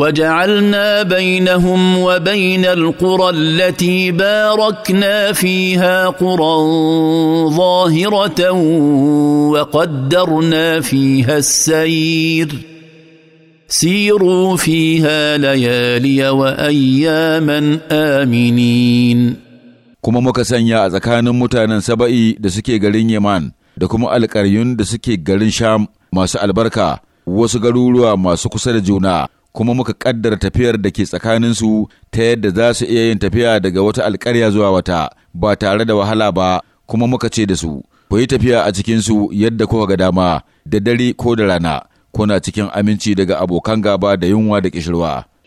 وجعلنا بينهم وبين القرى التي باركنا فيها قرى ظاهره وقدرنا فيها السير سيروا فيها ليالي واياما امنين kuma muka sanya a tsakanin mutanen saba'i da suke garin yaman da kuma alƙaryun da suke garin sham masu albarka wasu garuruwa masu kusa da juna kuma muka ƙaddara tafiyar da ke tsakaninsu ta yadda za su iya yin tafiya daga wata alkarya zuwa wata ba tare da wahala ba kuma muka ce da su ku yi tafiya a cikinsu yadda kuka ga dama da dare ko da rana kuna cikin aminci daga abokan gaba da yunwa da ƙishirwa.